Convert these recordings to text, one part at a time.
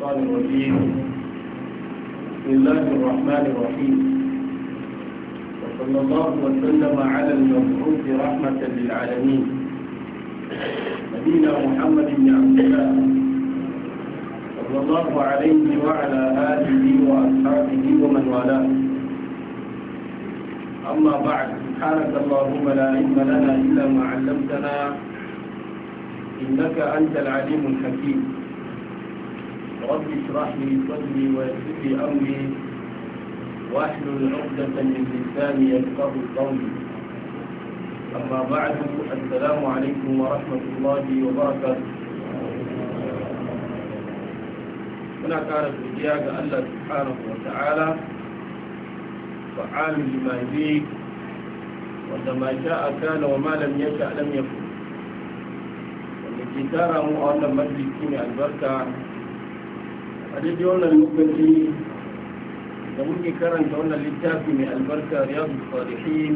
الشيطان الرجيم بسم الله الرحمن الرحيم وصلى الله وسلم على المبعوث رحمة للعالمين نبينا محمد بن عبد الله صلى الله عليه وعلى آله وأصحابه ومن والاه أما بعد سبحانك اللهم لا علم لنا إلا ما علمتنا إنك أنت العليم الحكيم ربي اشرح لي صدري ويسر لي امري واحلل عقدة من لساني يفقه قولي اما بعد السلام عليكم ورحمة الله وبركاته هنا كانت رجاء الله سبحانه وتعالى فعال لما يريد وما شاء كان وما لم يشاء لم يكن. والذي ترى مؤلم مجلس البركه a daidai wannan lokaci da muke karanta wannan littafi mai albarka riyadu salihin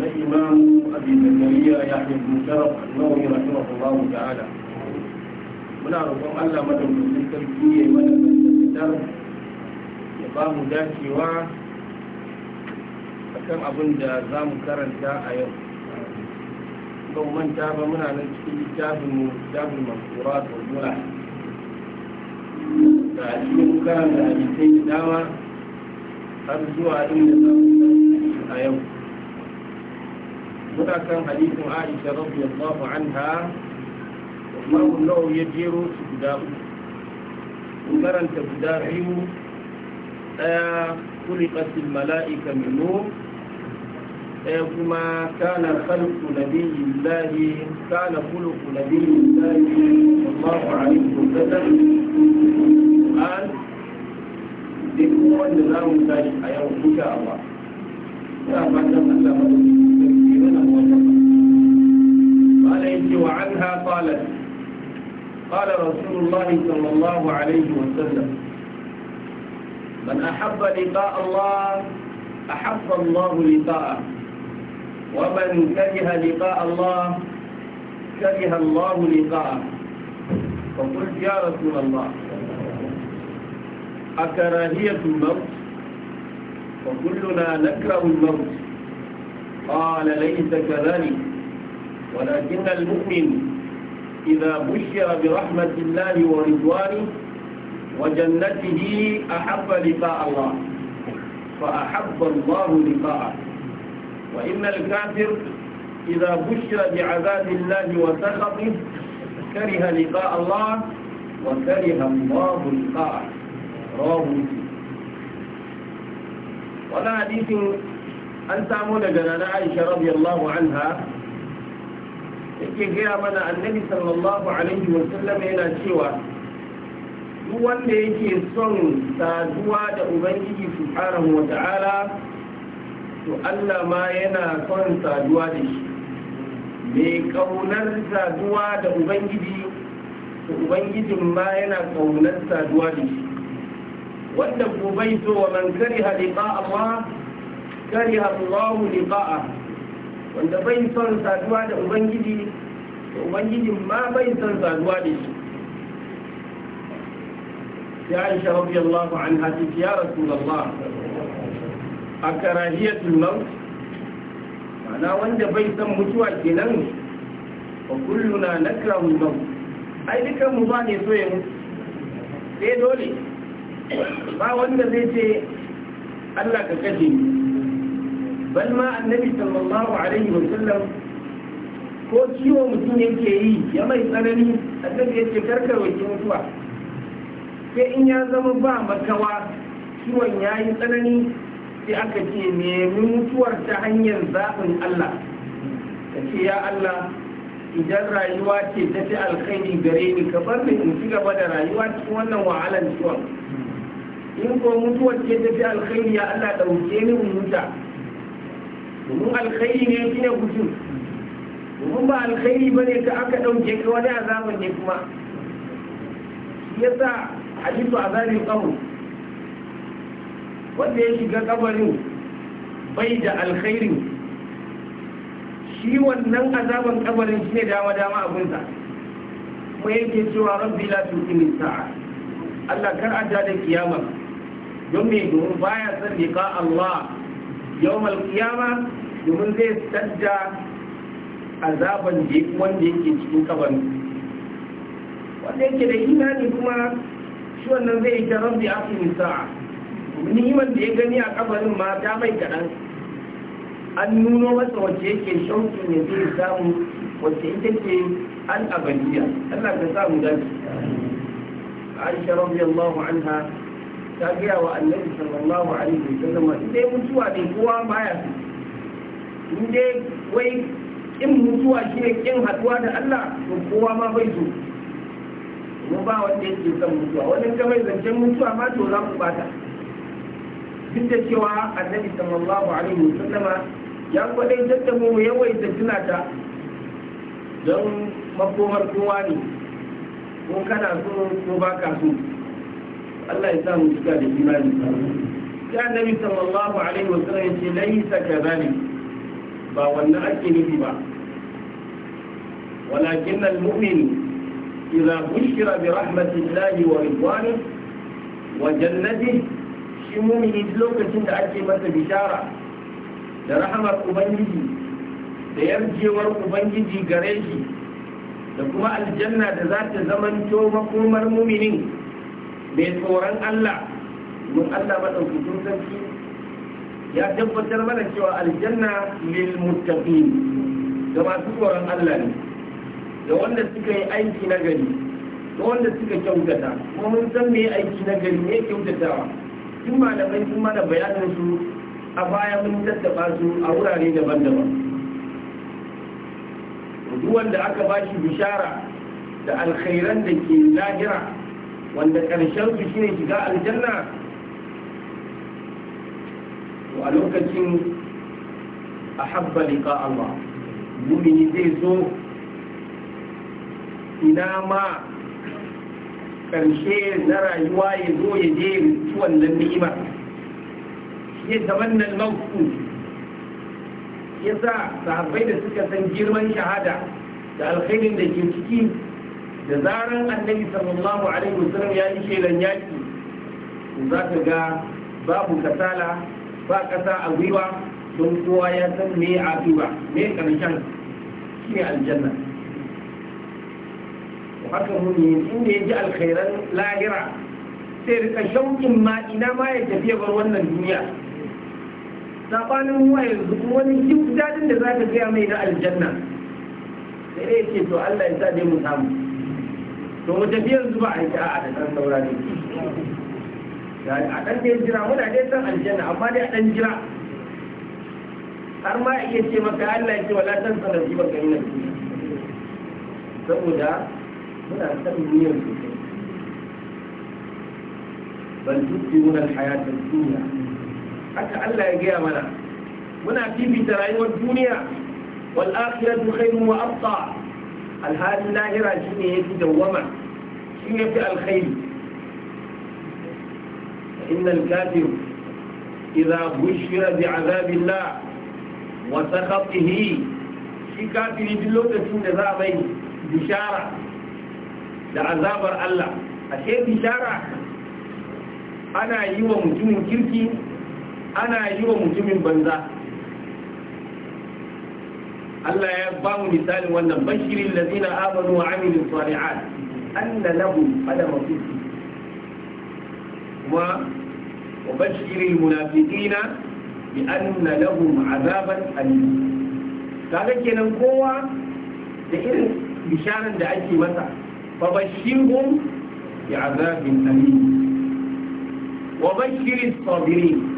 na imam abin zakariya ya ke musharraf nawawi rahimahullahu ta'ala muna roƙon Allah madaukakin sarki ya yi mana fitar ya ba mu dacewa a kan abin da za mu karanta a yau ba manta ba muna nan cikin littafin mu littafin masurat wa ga cikin karanta hadisai da dama har zuwa inda za mu a yau muna kan hadisin aisha radiyallahu anha Imam Nawawi ya jero su guda uku karanta guda biyu daya kuliqatil mala'ika min daya kuma kana khalqu nabiyyillahi kana khuluqu nabiyyillahi sallallahu alaihi wa sallam an duk wanda za mu tashi a yau duka Allah ina fatan Allah ba da kira wannan قال إنت وعنها قالت قال رسول الله صلى الله عليه وسلم من أحب لقاء الله أحب الله لقاءه ومن كره لقاء الله كره الله لقاءه فقلت يا رسول الله أكراهية الموت وكلنا نكره الموت قال ليس كذلك ولكن المؤمن إذا بشر برحمة الله ورضوانه وجنته أحب لقاء الله فأحب الله لقاءه وإن الكافر إذا بشر بعذاب الله وسخطه كره لقاء الله وكره الله لقاءه رواه ولا حديث أن تعمل جنانا عائشة رضي الله عنها yake gaya mana annabi sallallahu yana cewa duk yake son saduwa da ubangiji subhanahu wa ta'ala to Allah ma yana son saduwa da shi mai kaunar saduwa da ubangiji to ubangijin ma yana kaunar saduwa da shi wanda ku bai so wa man kari liqa Allah kariha Allah liqa'a wanda bai son saduwa da ubangiji da ubangijin ma bai son saduwa da shi ya Aisha lafa an ta ya rasu ba a karahiyar tunan. ana wanda bai san mutuwa ke kenan wa kulluna na kawo ba ai dukan mu ba ne so ya mutu sai dole ba wanda zai ce Allah ka kashe ni bal ma annabi sallallahu alaihi wa sallam ko ciwo mutum yake yi ya mai tsanani a annabi yace karkar wajen mutuwa sai in ya zama ba makawa ciwon ya yi tsanani sai aka ce nemi mutuwar ta hanyar zaɓin Allah ta ce ya Allah idan rayuwa ce ta fi alkhairi gare ni ka bar ni in ci gaba da rayuwa cikin wannan wahalar ciwon in ko mutuwar ce ta fi alkhairi ya Allah ɗauke ni in huta domin alkhairi ne shi ne gudun domin ba alkhairi ba ne ka aka ɗauke ka wani azaban ne kuma yasa hadithu azabin qabr wanda ya shiga kabarin bai da alkhairin shi wannan azaban kabarin shi ne dama dama abinsa kuma yake cewa rabbi la tuqimi sa'a Allah kar a da kiyama don me domin baya san liqa Allah yawmal kiyama domin zai sadda azaban da wanda yake cikin kabarin wanda yake da imani kuma shi wannan zai yi ta rabbi aqimi sa'a niman da ya gani a kamarin ma ta mai kaɗan an nuno masa wacce yake shaukin ya zai samu wacce ita ce an abaliya Allah ka samu dace Aisha an ha ta gaya wa annabi sallallahu alaihi wasallam in dai mutuwa ne kowa baya in dai wai kin mutuwa shine kin haduwa da Allah to kowa ma bai so mu ba wanda yake son mutuwa wannan kamar zancen mutuwa ma to za mu bata duk da cewa annabi sallallahu alaihi wasallama ya kwadai tattamo mu yawaita tuna ta don makomar kowa ne ko kana so ko ba ka so Allah ya sa mu cika da imani sai annabi sallallahu alaihi wasallam ya ce laisa kadhalik ba wannan ake nufi ba ولكن المؤمن إذا بشر برحمة الله ورضوانه وجنته cikin mumini duk lokacin da ake masa bishara da rahamar ubangiji da yarjewar ubangiji gare shi da kuma aljanna da za ta to makomar muminin mai tsoron allah mun allah maɗaukakin sarki ya tabbatar mana cewa aljanna lil muttaqin ga masu tsoron allah ne da wanda suka yi aiki na gari da wanda suka kyautata kuma mun san me aiki na gari ne kyautatawa duk malamai sun mana bayanin su a baya mun tattaba su a wurare daban-daban duk wanda aka ba shi bishara da alkhairan da ke lahira wanda ƙarshen su shine shiga aljanna to a lokacin a habba liƙa Allah mumini zai so ina ma karshe na rayuwa ya zo ya je ci nan ni'ima ya nan mafi ya sa sahabbai da suka san girman shahada da alkhairin da ke ciki da zaran annabi sallallahu alaihi wasallam ya yi shelan yaki za ka ga babu kasala ba kasa a gwiwa don kowa ya san me a duba me karshen shi aljanna haka muni inda ya ji alkhairan lahira sai rika shauƙin ma ina ma ya tafi bar wannan duniya sabanin ruwa yanzu wani duk dadin da za ka mai na aljanna sai dai ce to Allah ya sa dai mu samu to mu tafi yanzu ba a yi a'a da ɗan saura da a ɗan dai jira muna dai san aljanna amma dai a ɗan jira har ma iya ce maka Allah ya ce wala tan sanar ji ba ka yi na duniya saboda هنا التأمين بل تبتمون الحياة الدنيا حتى ألا يجي أمنا هنا في ترعين الدنيا والآخرة خير وأبطى الهاد ناهرة جنية تدوما شنية الخير إن الكاتب إذا بشر بعذاب الله وسخطه شكاتل بلوتة سنة ذا بين بشارة da azabar Allah ashe bishara ana yi wa mutumin kirki ana yi wa mutumin banza Allah ya ba mu misalin wannan bashirin lazina amanu wa amilin salihat anna lahum qadama sidqin kuma wa bashirin munafiqina bi anna lahum azaban alim kaga kenan kowa da irin bisharan da ake masa فبشرهم بعذاب أليم وبشر الصابرين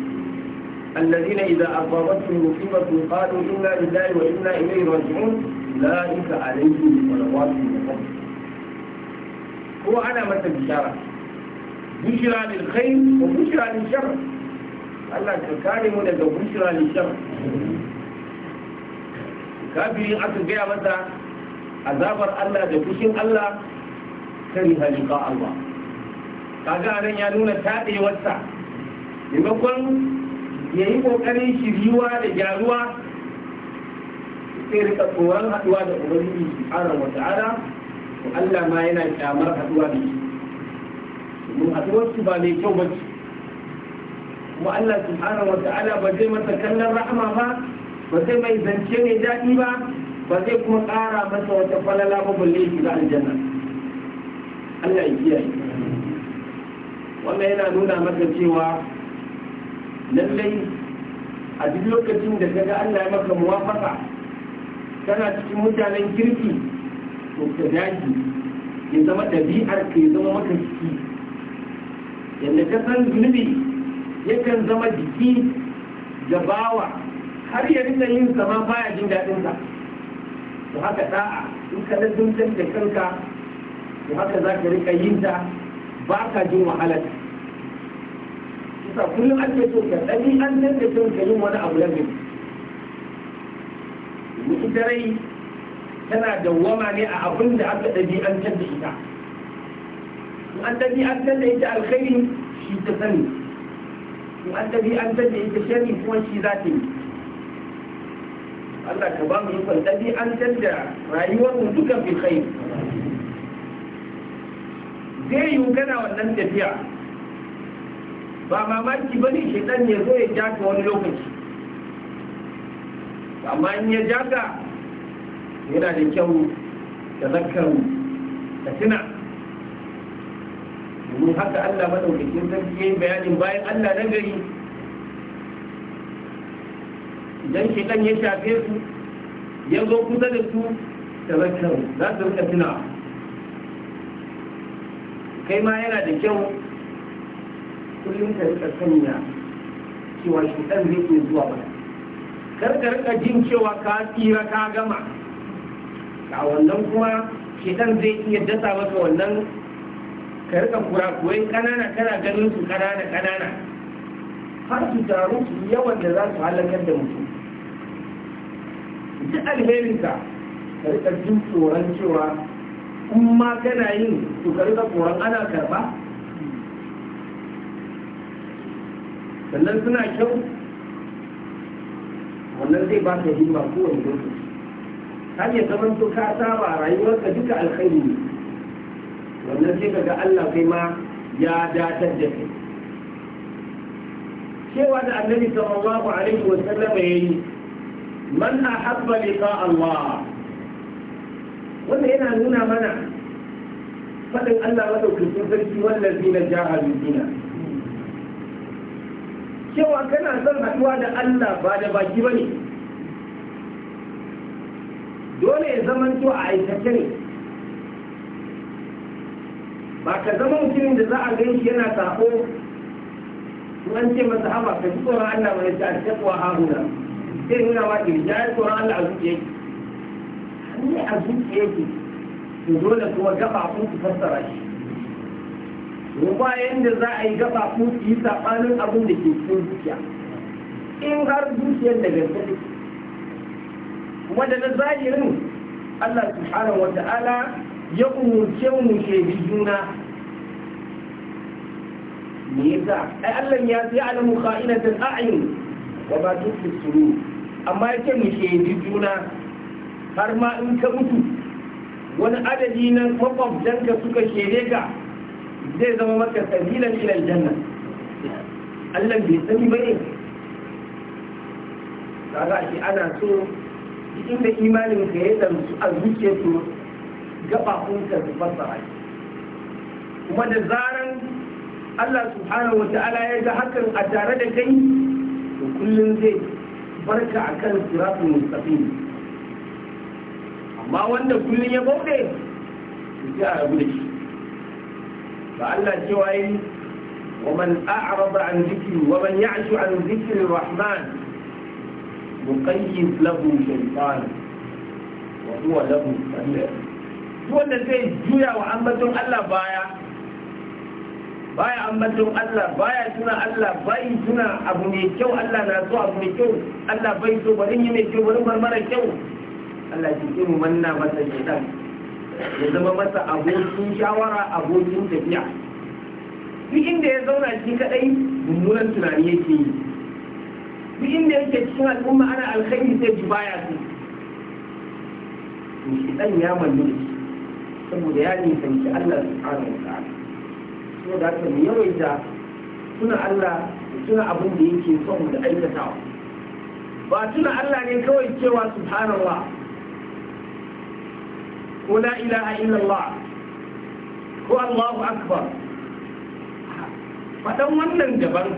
الذين إذا أصابتهم مصيبة قالوا إنا لله وإنا إليه راجعون أولئك عليهم صلوات من هو أنا مثل بشارة بشرى للخير وبشرى للشر Allah ka لك mu daga bushra lishar kafiri مثلا عذاب الله azabar الله kariha liqa Allah kaga anan ya nuna tadewarsa maimakon yi ƙoƙarin shiriwa da gyaruwa sai rika tsoron haɗuwa da ubangiji subhanahu wa ta'ala to Allah ma yana kyamar haɗuwa da shi domin haduwar su ba mai kyau ba ce kuma Allah subhanahu wa ta'ala ba zai masa kallon rahama ba ba zai mai zance mai daɗi ba ba zai kuma ƙara masa wata falala ba balle shi da aljanna Allah ya kiyaye wannan yana nuna maka cewa lallai a duk lokacin da kaga Allah ya maka muwafaka kana cikin mutanen kirki to ka daji ya zama ɗabi'ar ka ya zama maka jiki yadda ka san zunubi yakan zama jiki da bawa har ya rika yin sama baya jin daɗinsa to haka da'a in ka lazumtar da kanka to haka za ka rika yin ta ba ka jin wahalar kusa kullum ake so ka ɗani an san da son ka yin wani abu na mai darai tana da wama ne a abin da aka ɗabi'antar da ita kun an ɗabi'antar da ita alkhairi shi ta sani kun an ɗabi'antar da ita shari kuma shi za ta yi Allah ka ba mu yi ikon ɗabi'antar da rayuwar mu duka fi khairi zai yi gana wannan tafiya ba mamaki ba ne dan ne zo ya jaka wani lokaci amma in ya jaka yana da kyau da zakar da tuna domin haka allah maɗaukakin sarki ya yi bayanin bayan allah na gari idan shaidan ya shafe su ya zo kusa da su da zakar za su rika tunawa kai ma yana da kyau kullum ka rika sanya cewa shuɗan zai iya zuwa ba. kar ka rika jin cewa ka tsira ka gama a wannan kuma shedan zai iya dasa maka wannan ka rika kurakurai kanana kana ganin su kanana kanana har su taru su yawan da za su halakar da mutum duk alherinka ka rika jin tsoron cewa in ma kana yin to ka rika tsoron ana karba sannan suna kyau wannan zai ba ta himma kowane lokaci ta iya zaman to ka saba rayuwarka duka alkhairi ne wannan sai ka ga Allah kai ma ya datar da kai cewa da annabi sallallahu alaihi wa sallama yayi man ahabba liqa Allah wanda yana nuna mana faɗin Allah maɗaukakin sarki wannan na jahar bina cewa kana son haɗuwa da Allah ba da baki ba ne dole ya zama to a aikace ne ba ka zama mutumin da za a gan shi yana sako an ce masa haba ka ji tsoron Allah mai ta a cikin wa haruna sai nuna ma ke ya yi tsoron Allah a zuciyarki ne a zuciya yake to dole kuma gaba ku ku fassara shi to ba yanda za a yi gaba ku ku yi sabanin abin da ke cikin zuciya in har zuciyar da gaske take kuma da na zahirin Allah subhanahu wa ta'ala ya umurce mu bi juna me yasa ai Allah ya sai alamu kha'inatul a'yun wa ba tukfi amma yake mu shaidi juna har ma in ka mutu wani adadi na makwabtanka suka shere ka zai zama maka sabilan ilal janna Allah bai sani ba bane kaga shi ana so cikin da imanin ka ya damsu a zuciya to gabakunka su fassara kuma da zaran Allah subhanahu wata'ala ya ga hakan a tare da kai to kullum zai barka akan siratul mustaqim amma wanda kullum ya bauɗe su rabu da shi ba Allah cewa yi wa man a'rada an zikri wa man ya'shu an rahman lahu shaytan wa huwa lahu wanda zai juya wa ambaton Allah baya baya ambaton Allah baya tuna Allah bai tuna abu mai kyau Allah na so abu mai kyau Allah bai so bari yi mai kyau bari bar mara kyau Allah ke ke mu manna masa shaitan ya zama masa abokin shawara abokin tafiya duk inda ya zauna shi kadai mummunan tunani yake yi duk inda yake cikin al'umma ana alkhairi sai ji baya su to shaitan ya shi saboda ya nisanci Allah subhanahu wa ta'ala da ka mu yawaita tuna Allah tuna abin da yake son da aikatawa ba tuna Allah ne kawai cewa subhanallah ko la ilaha illallah ko Allahu akbar faɗan wannan daban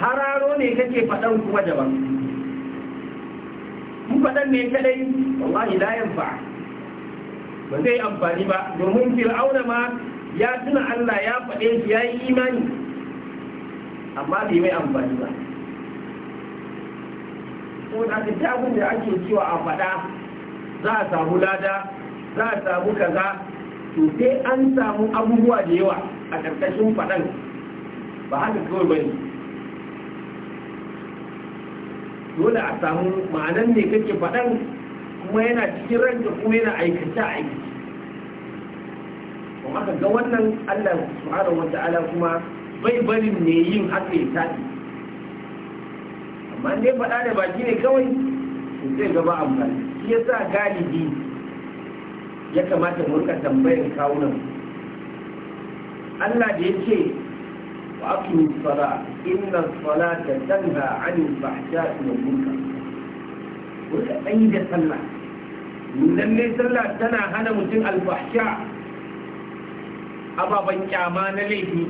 hararo ne kake faɗan kuma daban mun faɗan ne kadai wallahi la yanfa ba zai amfani ba domin fir'auna ma ya tuna Allah ya faɗe shi ya yi imani amma bai mai amfani ba ko da ta abin da ake cewa a faɗa za a samu lada za a samu kaza to sai an samu abubuwa da yawa a ƙarƙashin faɗan ba haka kawai ba ne, dole a samu ma'anan ne kake faɗan kuma yana cikin ranka kuma yana aikace aikace kuma haka ga wannan Allah wata ala kuma bai barin ne yin haka ya tafi amma ne faɗa da baki ne kawai to zai gaba amfani shi yasa galibi ya kamata mu rika tambayar kawunan Allah da yake wa aqimu sala inna salata tanha 'anil fahsha'i wal munkar ko da dai da sallah nan ne sallah tana hana mutum alfahsha ababan kyama na laifi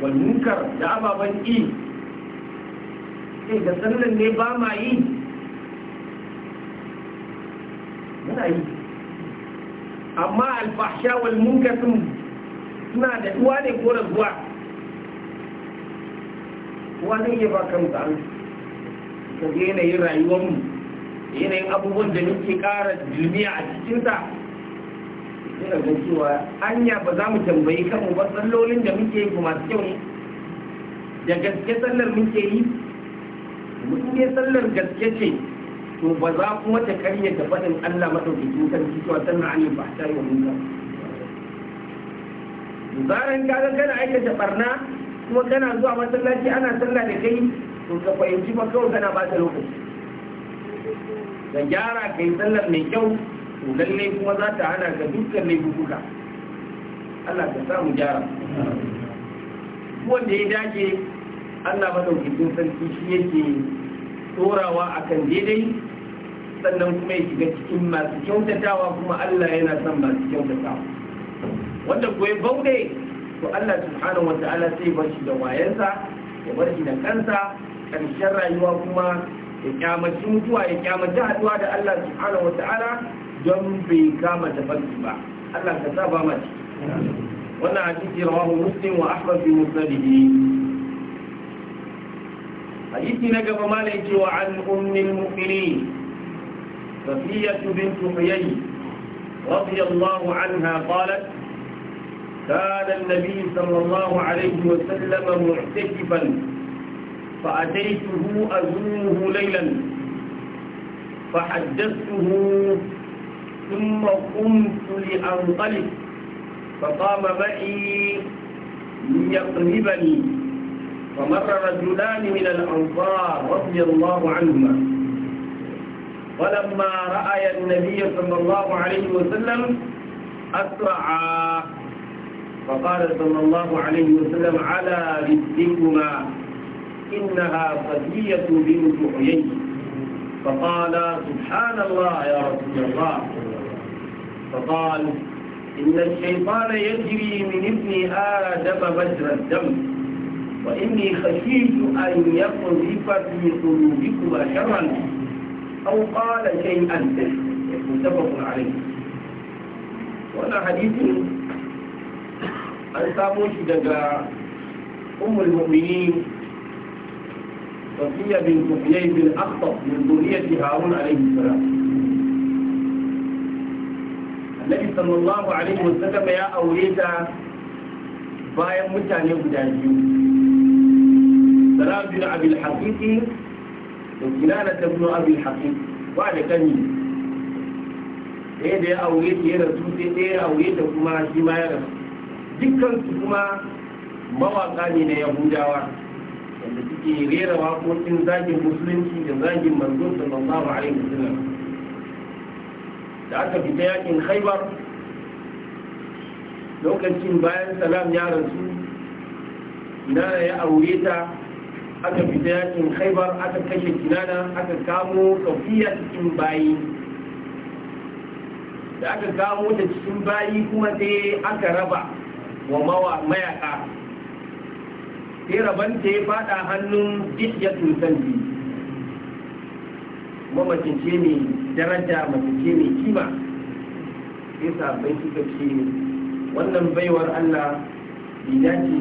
wal munkar da ababan yi sai da sallan ne ba ma yi muna yi amma alfahsha wal munkar suna da duwa ne ko zuwa kowa zai iya ba kanta an ka ga yanayin rayuwarmu yanayin abubuwan da muke ƙara duniya a cikinta ina da cewa hanya ba za mu tambayi kanmu ba tsallolin da muke yi kuma kyau ne da gaske sallar muke yi mutum ne sallar gaske ce to ba za kuma ta da faɗin Allah maɗaukakin kan cewa sannan an yi ba ta yi wa ba. zaran ka ga kana aikata barna kuma kana zuwa masallaci ana sallah da kai to ka fahimci ba kawai kana ba ta lokaci ka gyara ka yi sallar mai kyau to lallai kuma za ta hana ka dukkan laifuka Allah ka samu gyara wanda ya dace Allah madaukakin sarki shi yake tsorawa akan daidai sannan kuma ya shiga cikin masu kyautatawa kuma Allah yana son masu kyautatawa wanda ko ya bauɗe to Allah subhanahu wata'ala sai bar shi da wayansa ya bar shi da kansa ƙarshen rayuwa kuma ya kyamaci mutuwa ya kyamaci haɗuwa da Allah subhanahu wata'ala don bai kama da farki ba Allah ka saba mace wannan hadisi rawahu muslim wa ahmad fi musnadihi حديث نجف مالك an أم المؤمنين صفية بنت حيي رضي الله عنها قالت كان النبي صلى الله عليه وسلم معتكفا فأتيته أزوره ليلا فحدثته ثم قمت لأنطلق فقام معي ليقلبني فمر رجلان من الأنصار رضي الله عنهما ولما رأي النبي صلى الله عليه وسلم أسرع فقال صلى الله عليه وسلم على رزقكما إنها صفية بنت حيي فقال سبحان الله يا رسول الله فقال إن الشيطان يجري من ابن آدم مجرى الدم وإني خشيت أن يقذف في قلوبكما شرا أو قال شيئا متفق عليه وأنا حديث أن ساموش دقاء أم المؤمنين صفية بنت كبيري بن أخطب من ذرية هارون عليه السلام النبي صلى الله عليه وسلم يا أوليتا bayan mutane guda biyu سلام بن عبد Hakiki da kinana ta bin abin haƙi ba da kani ɗaya da ya aure ta ya rasu sai ɗaya ya aure ta kuma shi ma ya rasu dukkansu kuma mawaƙa ne na yahudawa wanda suke rera waƙoƙin zagin musulunci da zagin manzon sallallahu alaihi wasallam da aka fita yakin khaibar lokacin bayan salam ya rasu nana ya aure ta aka fita yakin khaibar aka kashe kinana aka kamo saufiya cikin bayi da aka kamo da cikin bayi kuma sai aka raba wa mawa mayaka sai ta ya fada hannun dihyatun sanji kuma macince mai daraja macince mai kima sai sabai suka ce wannan baiwar allah bai dace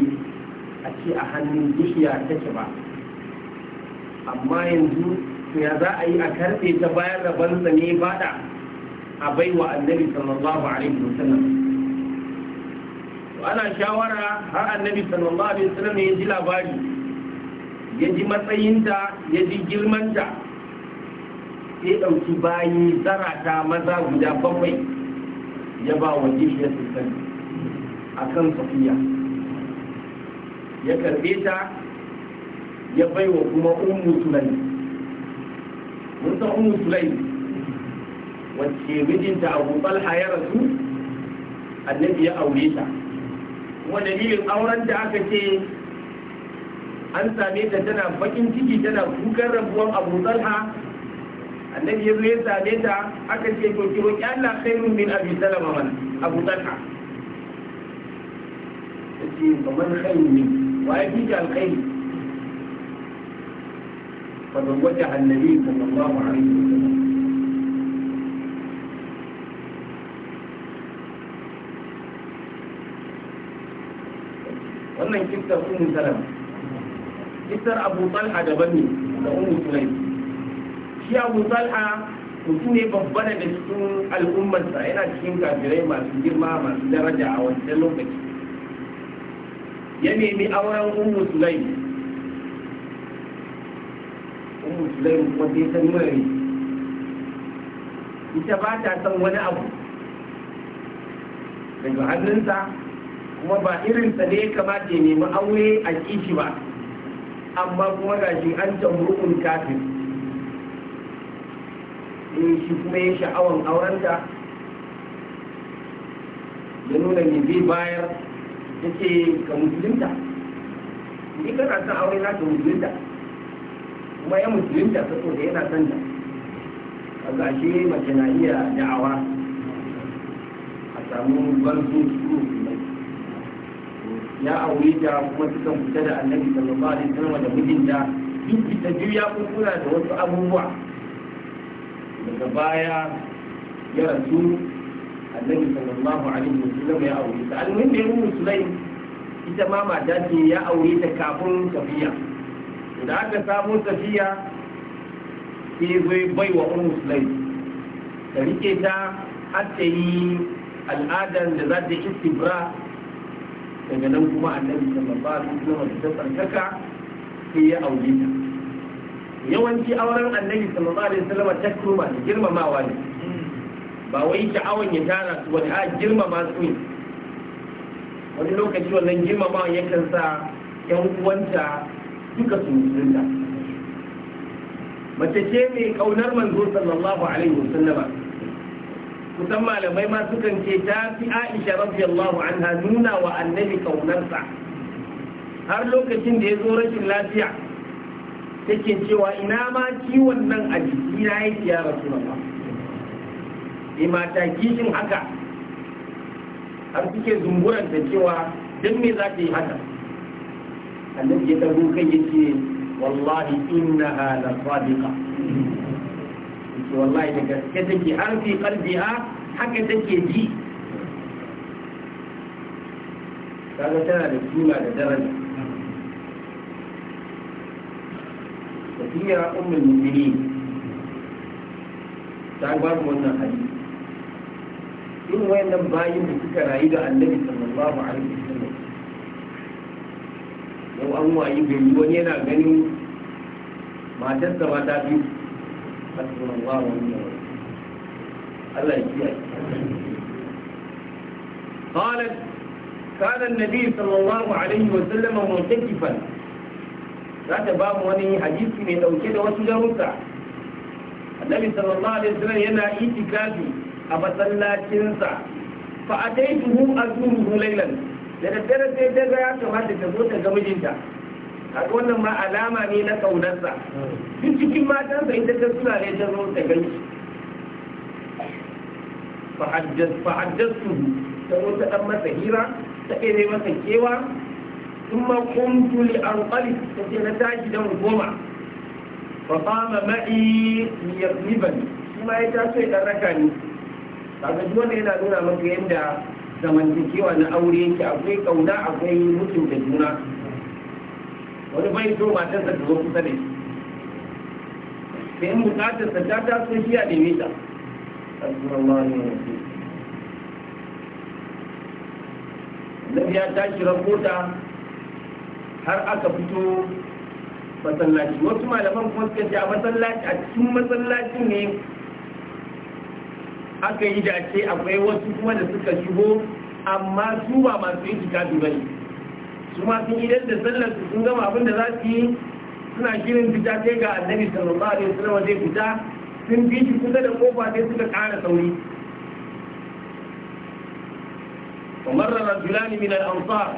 a ce a hannun dukiya take ba amma yanzu ya za a yi a karfe ta bayar bayan banza ne bada a baiwa annabi sallallahu alaihi wasallam ana shawara har annabi sallallahu alaihi wasallam ya ji labari ya ji matsayinta ya ji girmanta sai ɗauki bayi zarata maza guda bakwai ya ba wa ya sosai a kan safiya ya karɓe ta ya baiwa kuma ummu sulai mun san ummu sulai wacce mijinta abu talha ya rasu annabi ya aure ta kuma dalilin auren da aka ce an same ta tana bakin ciki tana kukan rabuwan abu talha annabi ya zo ya same ta aka ce to ki roki Allah khairun min abi salama man abu talha yace kamar khairun min wa ya fi alkhairi فزوجها النبي صلى الله عليه وسلم wannan kistar umu salam kistar abu talha daban ne da umu sulaim shi abu talha mutum ne babba daga cikin al'ummarsa yana cikin kafirai masu girma masu daraja a wancan lokaci ya nemi auren umu sulaim kuma sai ita ba ta san wani abu daga hannunsa kuma ba irinsa ne kamata ya nemi aure a kishi ba amma kuma ga shi an tamurukun kafin in eh, shi kuma ya sha'awan aurenta ya nuna ne zai bayar ya ce ka musulunta ni kana san aure na ka musulunta kuma ya musulunta saboda yana son ta a gashi mace na iya da'awa a samu gwarzo su ya aure ta kuma suka fita da annabi sallallahu alaihi wasallam da mijinta duk fita biyu ya kunkura da wasu abubuwa daga baya ya rasu annabi sallallahu alaihi wasallam ya aure ta almuhim da ya sulai ita ma mata ce ya aure ta kafin tafiya da aka samu tafiya sai zai bai wa sulai ta rike ta har ta yi al'adar da za ta istibra daga nan kuma annabi sallallahu alaihi wasallam ta tsarkaka sai ya aure ta yawanci auren annabi sallallahu alaihi wasallam ta kuma da girmamawa ne ba wai awon ya tara su wani a girmama su ne wani lokaci wannan girmamawa yakan sa yan uwanta duka mace ce mai kaunar manzo sallallahu alaihi wasallama kusan malamai ma sukan ce ta fi aisha radiyallahu anha nuna wa annabi kaunarsa har lokacin da ya zo rashin lafiya take cewa ina ma ciwon nan a jiki na yake ya rasulullah ba ima ta kishin haka har suke zumburanta cewa don me za ta yi haka annabi ya dago kai ce wallahi innaha la sadiqa yace wallahi da gaske take har fi qalbiha haka take ji kaga tana da kima da daraja wasiyar ummul mu'minin ta ba mu wannan hadisi irin wayannan bayin da suka rayu da annabi sallallahu alaihi wasallam yau an wayi gari wani yana ganin matarsa ma ta biyu a cikin ba wani Allah ya kiyaye قالت كان النبي صلى الله عليه وسلم معتكفا za ta ba wani hadisi mai ɗauke da wasu darussa annabi sallallahu alaihi wasallam yana itikafi a masallacinsa fa ataituhu azuru laylan da daddare sai daga ya kamata ta zo ta ga mijinta a wannan ma alama ne na kaunarsa duk cikin matansa ita ta suna ne ta zo ta gani fa'addasu ta zo ta dan masa hira ta ke ɗaya masa kewa ثم قمت لأنطلق فتنتاج دون قوما ya معي ليغلبني ما raka ne kaga duk wanda yana nuna maka yadda zamantakewa na aure yake akwai kauna akwai da juna wani bai so matarsa ta zo kusa da shi sai in bukatarsa ta taso shi a neme ta Nabi ya tashi rahota har aka fito masallaci wasu malaman kuma suka ce a masallaci a cikin masallacin ne aka yi dace akwai wasu kuma da suka shigo amma su ba masu yi jika ba bane su ma sun idan da sallar su sun gama abin da za su yi suna shirin fita sai ga annabi sallallahu alaihi wasallam zai fita sun fi shi kusa da kofa sai suka kara sauri kamar rajulani min al-ansar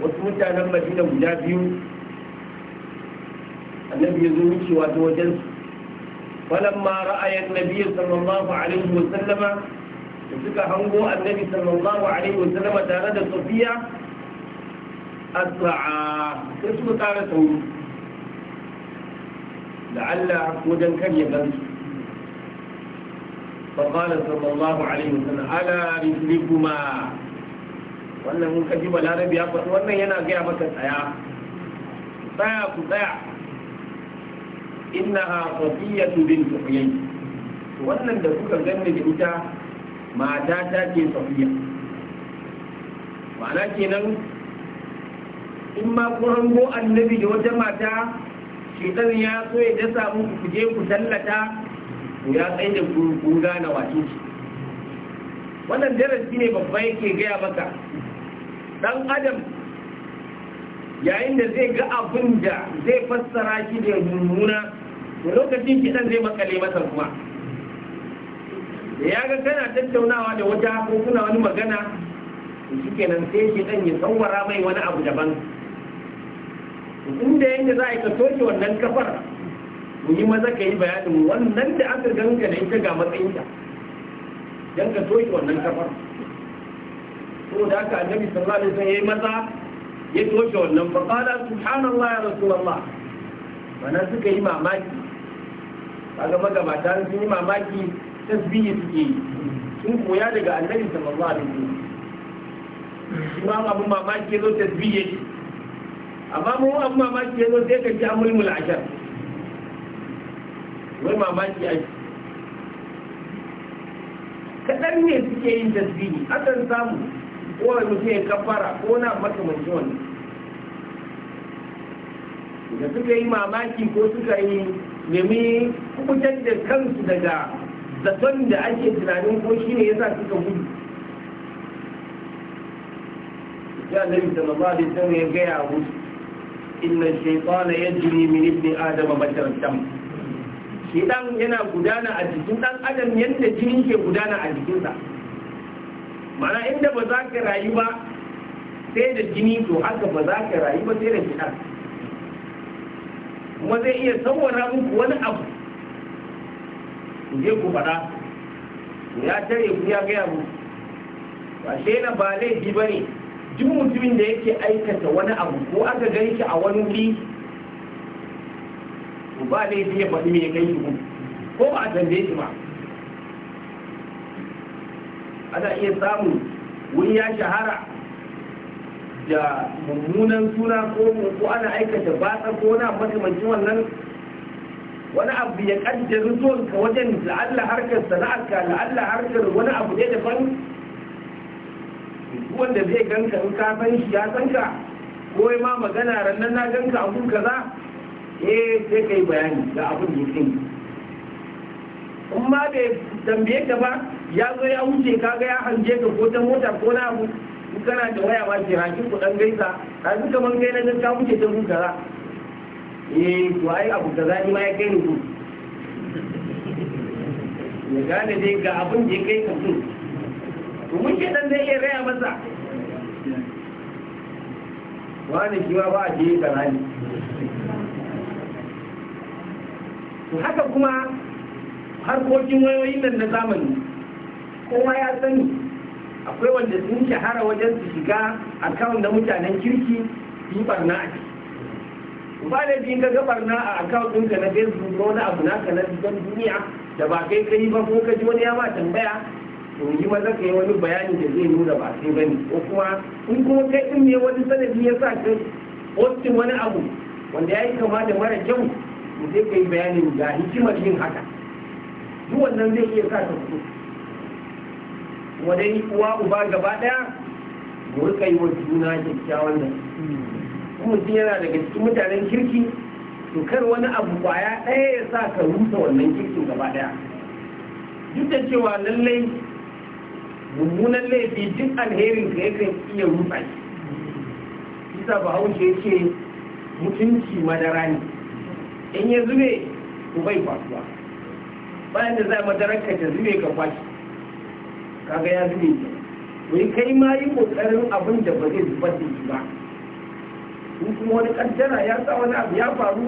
wasu mutanen madina guda biyu annabi ya zo wucewa ta wajen فلما رأي النبي صلى الله عليه وسلم suka hango annabi sallallahu alaihi wasallam tare da sofiya asra'a sai suka tsara sauri la'alla ya gan su فقال صلى الله عليه وسلم على رجلكما wannan mun kaji balarabi ya faɗi wannan yana gaya maka tsaya tsaya ku tsaya innaha safiyatu bint huyay wannan da kuka ganni da ita mata ta ce safiya ma'ana kenan in ma ku go annabi da wata mata shedan ya so ya dasa muku ku je ku tallata ku ya tsaye da kun gane wace wannan darasi ne babba yake gaya maka dan adam yayin da zai ga abin da zai fassara shi da mummuna da lokacin kiɗan zai makale masa kuma da ya ga kana tattaunawa da wata ko kuna wani magana da shi kenan sai kiɗan ya tsawara mai wani abu daban inda yadda za a yi ka soke wannan kafar mu yi maza ka yi bayanin wannan da aka ganka da ita ga matsayinta don ka soke wannan kafar to da aka annabi sallallahu alaihi wasallam yayi maza ya toshe wannan fa qala subhanallah ya rasulullah wannan suka yi mamaki kaga magabata sun yi mamaki tasbihi suke yi sun koya daga annabi sallallahu alaihi wasallam shi ma abu mamaki yazo tasbihi yake amma mu abu mamaki yazo sai ka ji amulmul ashar wai mamaki ai kaɗan ne suke yin tasbihi akan samu ko wani mutum ya kafara ko na makamancin wannan da suka yi mamaki ko suka yi nemi kubutar da kansu daga zaton da ake tunanin ko shi ne yasa suka gudu ya da sallallahu da wasallam ya gaya musu inna ya yajri min ibni adama bashar shi dan yana gudana a jikin dan adam yadda jini ke gudana a jikinsa mana inda ba za ka rayu ba sai da jini to haka ba za ka rayu ba sai da shi kuma zai iya sauwara muku wani abu je ku faɗa ya tare ku ya gaya mu ba shi na ba laifi ba ne duk mutumin da yake aikata wani abu ko aka gani shi a wani wuri to ba laifi ya faɗi mai kai ku ko ba a tambaye shi ba ana iya samun wuri ya shahara da mummunan suna ko ko ana aikata ta ko na makamancin wannan wani abu ya kaddara zuwa ka wajen la'alla harkar sana'arka la'alla harkar wani abu ne daban wanda zai ganka in ka san shi ya san ka ko ma magana rannan na ganka a gun kaza eh sai kai bayani ga abin da yake in bai tambaye ka ba ya zo ya wuce kaga ya hange ka ko ta mota ko na abu in kana da waya ma jirakin ku dan gaisa a duka man kai na gaskiya kuke ta mun kaza eh to ai abu da ni ma ya kai ni ku ya gane dai ga abin da ya kai ka kun to mun ke dan zai iya raya masa wani shi ma ba a je kaza ne to haka kuma harkokin wayoyin nan na zamani kowa ya sani akwai wanda sun shahara wajen su shiga akawun da mutanen kirki su yi barna a ciki ba da jin ka ga barna a akawun ɗinka na facebook ko wani abu naka na don duniya da ba kai kai ba ko ka ji wani ya ma tambaya to yi maza ka yi wani bayani da zai nuna ba sai bane ko kuma in kuma kai ɗin ne wani sanadi ya sa ka postin wani abu wanda ya yi kama da mara kyau mu sai ka yi bayanin ga hikimar yin haka duk wannan zai iya sa ka fito wadai uwa uba gaba daya mu rika yi wa juna kyakkyawan nan mutum yana daga cikin mutanen kirki to kar wani abu kwaya ɗaya ya sa ka rusa wannan kirkin gaba daya duk da cewa lallai mummunan laifi duk alherin ka kan iya rusa shi bisa bahaushe ya ce mutunci madara ne in ya zube ku bai kwasuwa bayan da za madarar ka ta zube ka kwashi kaga ya zube wai kai ma yi kokarin abin da ba zai zubar da shi ba in kuma wani kaddara ya sa wani abu ya faru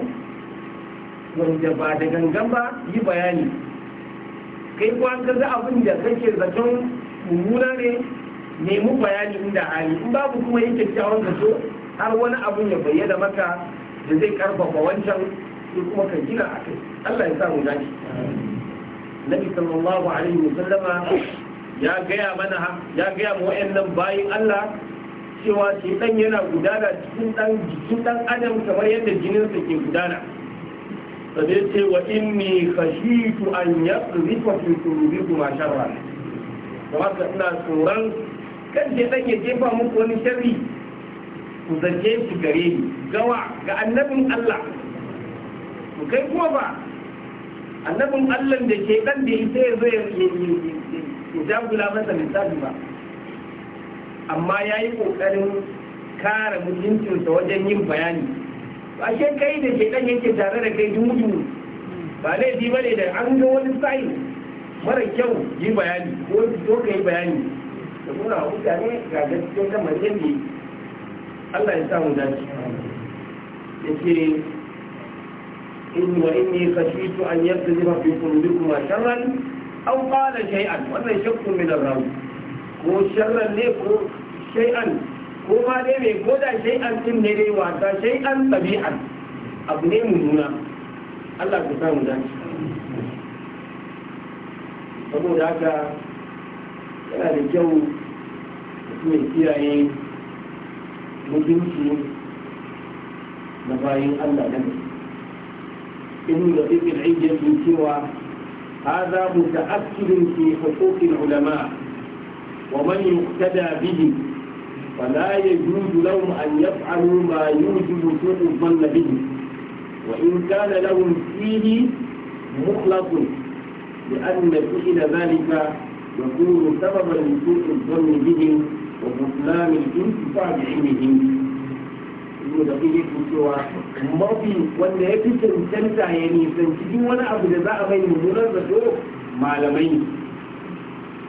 wanda ba da gangan ba yi bayani kai kwan ka za abin da kake zaton mummuna ne nemi bayani inda hali in babu kuma yi kyakkyawan zato har wani abin ya bayyana maka da zai karfafa wancan sai kuma ka gina a kai Allah ya sa mu dace Nabi sallallahu alaihi wasallama ya gaya mana ya gaya mu wayannan bayin Allah cewa dan yana gudana cikin dan jikin dan adam kamar yadda jininsa ke gudana sai ce wa inni khashitu an yaqdhifa fi qulubikum sharra to haka ina tsoron kan je dan ya jefa muku wani sharri ku zaje shi gare ni gawa ga annabin Allah ku kai kuma ba annabin Allah da ke dan da ita zai zo ya to dagula masa lissafi ba amma ya yi ƙoƙarin kare mutuncinsa wajen yin bayani ba shi kai da ke ɗan yake tare da kai dubu ba laifi ba ne da an ga wani sayi mara kyau yi bayani ko zo ka yi bayani da kuna mutane ga gaskiyar da manzan ne Allah ya samu dace ya ce in wa inni khashitu an yakziba fi qulubikum sharran aw qala shay'an wannan shakku min ar-rawi ko sharran ne ko shay'an ko ma dai mai ko da shay'an din ne dai wata shay'an tabi'an abu ne mu mummuna Allah ku samu dace saboda haka yana da kyau mutum kiyaye mutunci na bayan Allah na inda ibn ɗin cewa هذا متأكد في حقوق العلماء ومن يقتدى به فلا يجوز لهم أن يفعلوا ما يوجب سوء الظن به وإن كان لهم فيه مخلص لأن فعل ذلك يكون سببا لسوء الظن بهم وبطلان الانتفاع بعلمهم so da kuke cewa mafi wanda ya fi cancanta ya nisan cikin wani abu da za a bai mummunan zato malamai ne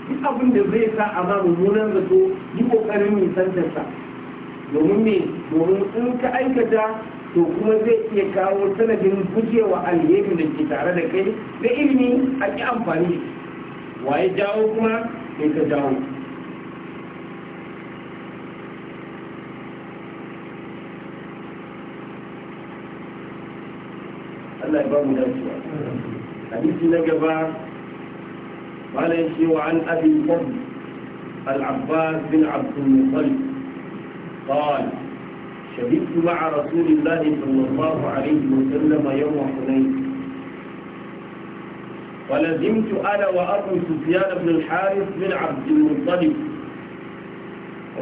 duk abin da zai sa a ma mummunan zato yi kokarin nisantarsa domin me domin in ka aikata to kuma zai iya kawo sanadin gujewa alheri da ke tare da kai da ilimi a ki amfani waye jawo kuma sai ka jawo Allah ya ba mu dacewa hadisi na gaba malai cewa an abin fadl al قال شهدت مع رسول الله صلى الله عليه وسلم يوم حنين ولزمت انا وابو سفيان بن الحارث بن عبد المطلب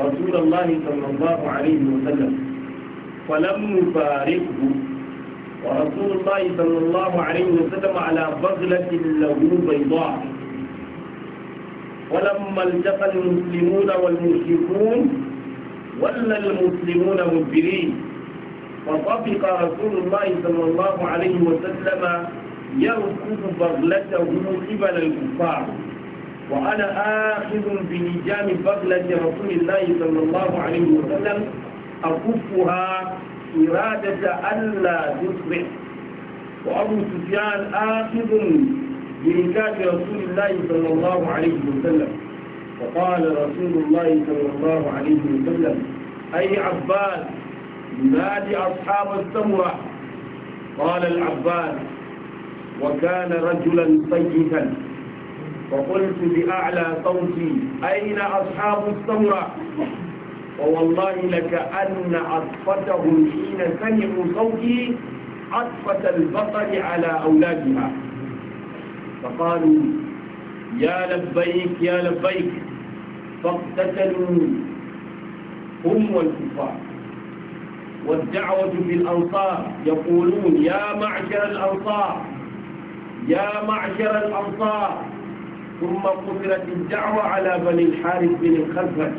رسول الله صلى الله عليه وسلم فلم نفارقه ورسول الله صلى الله عليه وسلم على بغلة له بيضاء ولما التقى المسلمون والمشركون ولى المسلمون مدبرين فطفق رسول الله صلى الله عليه وسلم يركض بغلته قبل الكفار وأنا آخذ بلجام بغلة رسول الله صلى الله عليه وسلم أكفها إرادة ألا تصبح وأبو سفيان آخذ بركاب رسول الله صلى الله عليه وسلم فقال رسول الله صلى الله عليه وسلم أي عباس نادي أصحاب السمرة قال العباس وكان رجلا صيتا فقلت بأعلى صوتي أين أصحاب السمرة ووالله لكأن عطفتهم حين سمعوا صوتي عطفة البقر على أولادها فقالوا يا لبيك يا لبيك فاقتتلوا هم والكفار والدعوة في الأنصار يقولون يا معشر الأنصار يا معشر الأنصار ثم قتلت الدعوة على بني الحارث بن الخزرج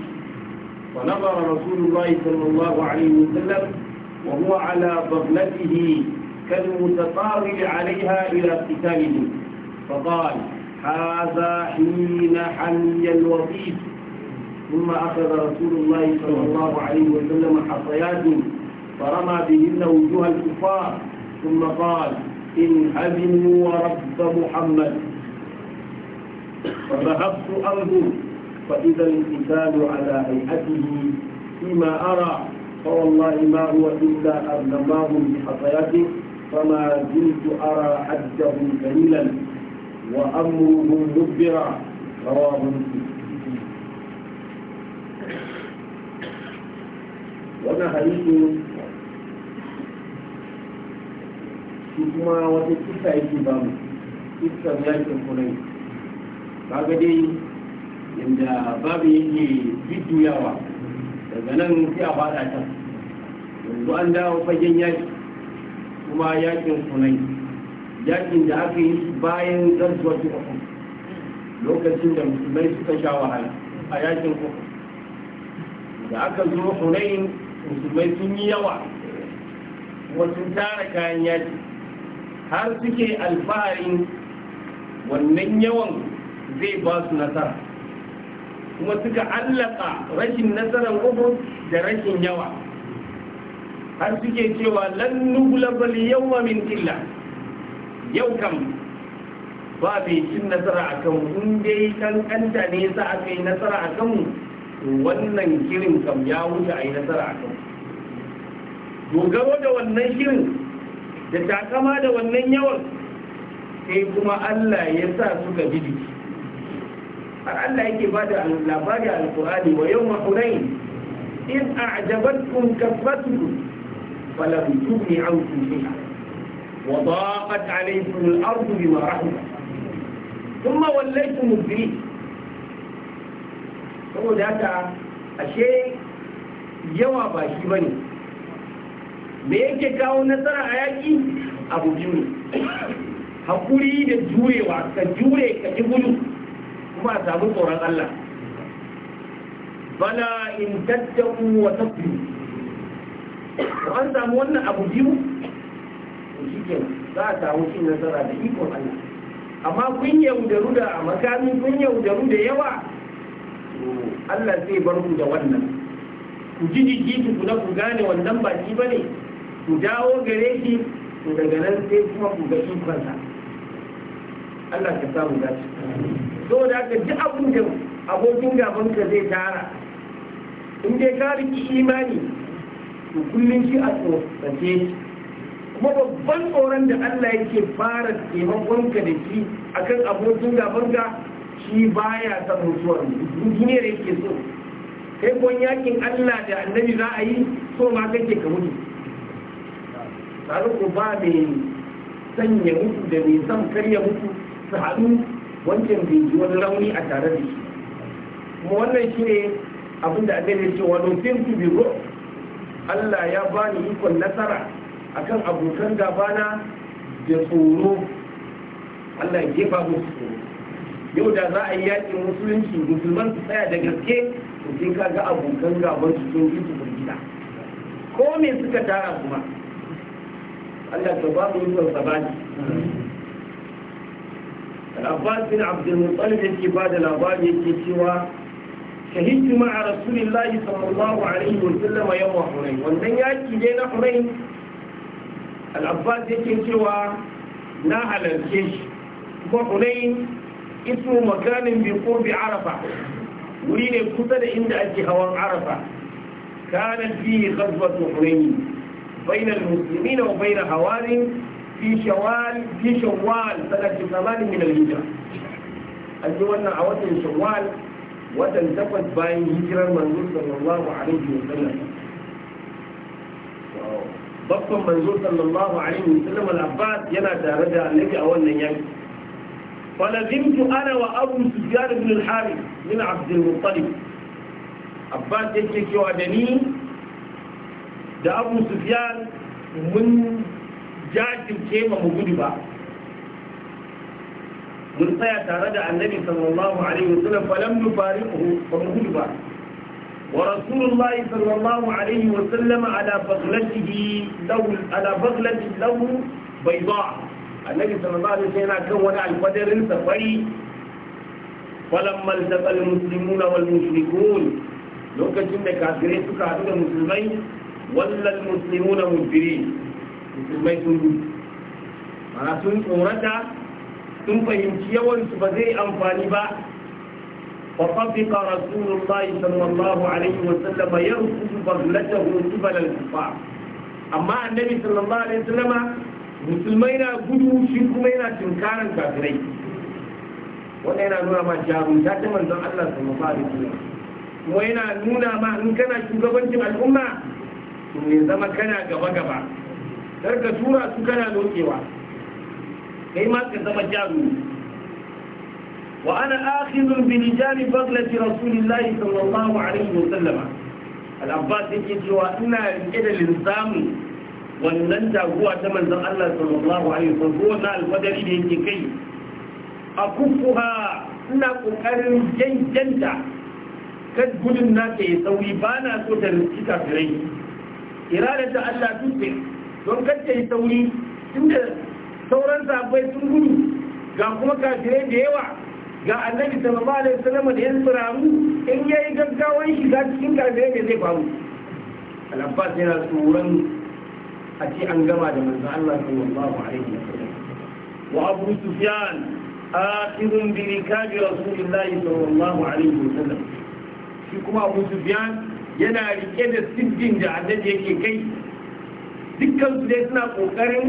فنظر رسول الله صلى الله عليه وسلم وهو على ضغلته كالمتطاول عليها إلى قتاله فقال هذا حين حمي الوطيس ثم أخذ رسول الله صلى الله عليه وسلم حصيات فرمى بهن وجوه الكفار ثم قال إن هدموا رب محمد فذهبت أنظر فإذا الإنسان على هيئته فيما أرى فوالله ما هو إلا أرنماه بخطاياهم فما زلت أرى حده كليلا وأمره مدبرا رواه مسلم وأنا حديث kuma wata kisa yake ba mu kisan yakin inda babu yake yawa daga nan sai a fada ta yanzu an dawo fagen yaki kuma yakin sunai yakin da aka yi bayan zarzuwar ta uku lokacin da musulmai suka sha wahala a yakin kuma da aka zo hunayin musulmai sun yi yawa kuma sun tara kayan yaki har suke alfaharin wannan yawan zai ba su nasara kuma suka allaka rashin nasarar uhud da rashin yawa har suke cewa lan nuglabal yawma min illa yau kam ba bai cin nasara kan in dai kankanta ne za a kai nasara a mu wannan kirin kam ya wuce a yi nasara a kanmu. dogaro da wannan shirin da takama da wannan yawan sai kuma Allah ya sa suka bi jiki har Allah yake ba da labari a alƙur'ani wa yau mahunain in a a'jabatkum kaffatukum falam tubni ankum shay'a wa daqat alaykum al-ardu bima rahabat wallai wallaytum mudbirin saboda haka ashe yawa ba shi bane me yake kawo nasara a yaƙi abu biyu ne hakuri da jurewa ka jure ka ji gudu kuma a samu tsoron Allah bala in tattaku wa tafiyu ko an samu wannan abu biyu shi ke za a samu cin nasara da ikon Allah amma kun yaudaru da a makami kun yaudaru da yawa Allah zai bar ku da wannan ku ji jiki ku na ku gane wannan baki ba ne ku dawo gare shi daga nan sai kuma ku ga ikonsa Allah ka samu dace da haka ji abin da abokin gaban ka zai tara in dai ka riki imani to kullum shi a tsorace kuma babban tsoron da Allah yake fara ka da shi akan abokin gaban ka shi baya son mutuwar da yake so kai kon yakin Allah da annabi za a yi so ma kake ka mutu ku ba mai sanya mutu da mai zan karya mutu su haɗu wancan bai ji wani rauni a tare da shi kuma wannan shi ne abin da annabi ce wa nufin tu bi Allah ya bani ikon nasara akan abokan gabana da tsoro Allah ya jefa mu tsoro yau da za a yi yakin musulunci musulman su tsaya da gaske to sai ka ga abokan gaban su sun yi su firgita ko me suka tara kuma Allah ta ba mu ikon sabani Abbas bin da ke yake ba da labari yake cewa a ma'a Rasulillahi sallallahu alaihi wa sallam yawma Hunain wannan yaki ne na Hunain al yake cewa na halarce shi kuma Hunain ismu maganin bi bi Arafa wuri ne kusa da inda ake hawan Arafa كانت فيه غزوة حنين بين na وبين حوالي fi shawwal fi shawwal sana ce zamanin min al-hijra an yi wannan a watan shawwal watan takwas bayan hijirar manzo sallallahu alaihi wa sallam babban manzo sallallahu alaihi wa sallam al-abbas yana tare da annabi a wannan yaki فلزمت wa وابو سفيان بن الحارث من عبد المطلب abbas yake cewa da ni da abu sufyan mun jajirce ba mu gudu ba mun tsaya tare da annabi sallallahu alaihi wa sallam falam du fariquhu ba mu gudu ba wa rasulullahi sallallahu alaihi wa sallam ala faglatihi law ala faglati annabi sallallahu alaihi wa sallam kan wani alqadarin safari falamma al-taqa al-muslimuna wal-mushrikun lokacin da kafirai suka haɗu da musulmai wallan muslimuna mujrimin musulmai sun gudu mana sun tsorata sun fahimci yawansu ba zai amfani ba فطبق رسول wa sallama ya عليه وسلم يركض بغلته قبل الكفار amma النبي صلى الله عليه وسلم musulmai na gudu shi kuma yana tunkaran kafirai wannan yana nuna ma jarumta ta manzon Allah sallallahu alaihi wasallam kuma yana nuna ma in kana shugabancin al'umma to ne zama kana gaba gaba kar ka tura su kana lokewa kai ma ka zama jarumi wa ana akhidun bi lijani baglati rasulillahi sallallahu alaihi wa sallama al-abbas yake cewa ina rike da linzamin wannan taguwa ta manzon Allah sallallahu alaihi wa sallam wannan alfadari da yake kai a kufuha ina kokarin janjanta kad gudun nata ya sauri ba na so ta riski kafirai iradata Allah tutse don kacce yi sauri inda sauran sabai sun gudu ga kuma kafirai da yawa ga annabi sallallahu alaihi wasallam da yan tsiraru in yayi gaggawan shiga cikin kafirai da zai faru al-abbas yana tsoron a ce an gama da manzo Allah sallallahu alaihi wa abu sufyan akhirun bi rikabi rasulillahi sallallahu alaihi wasallam shi kuma abu sufyan yana rike da siddin da annabi yake kai dukkan su dai suna kokarin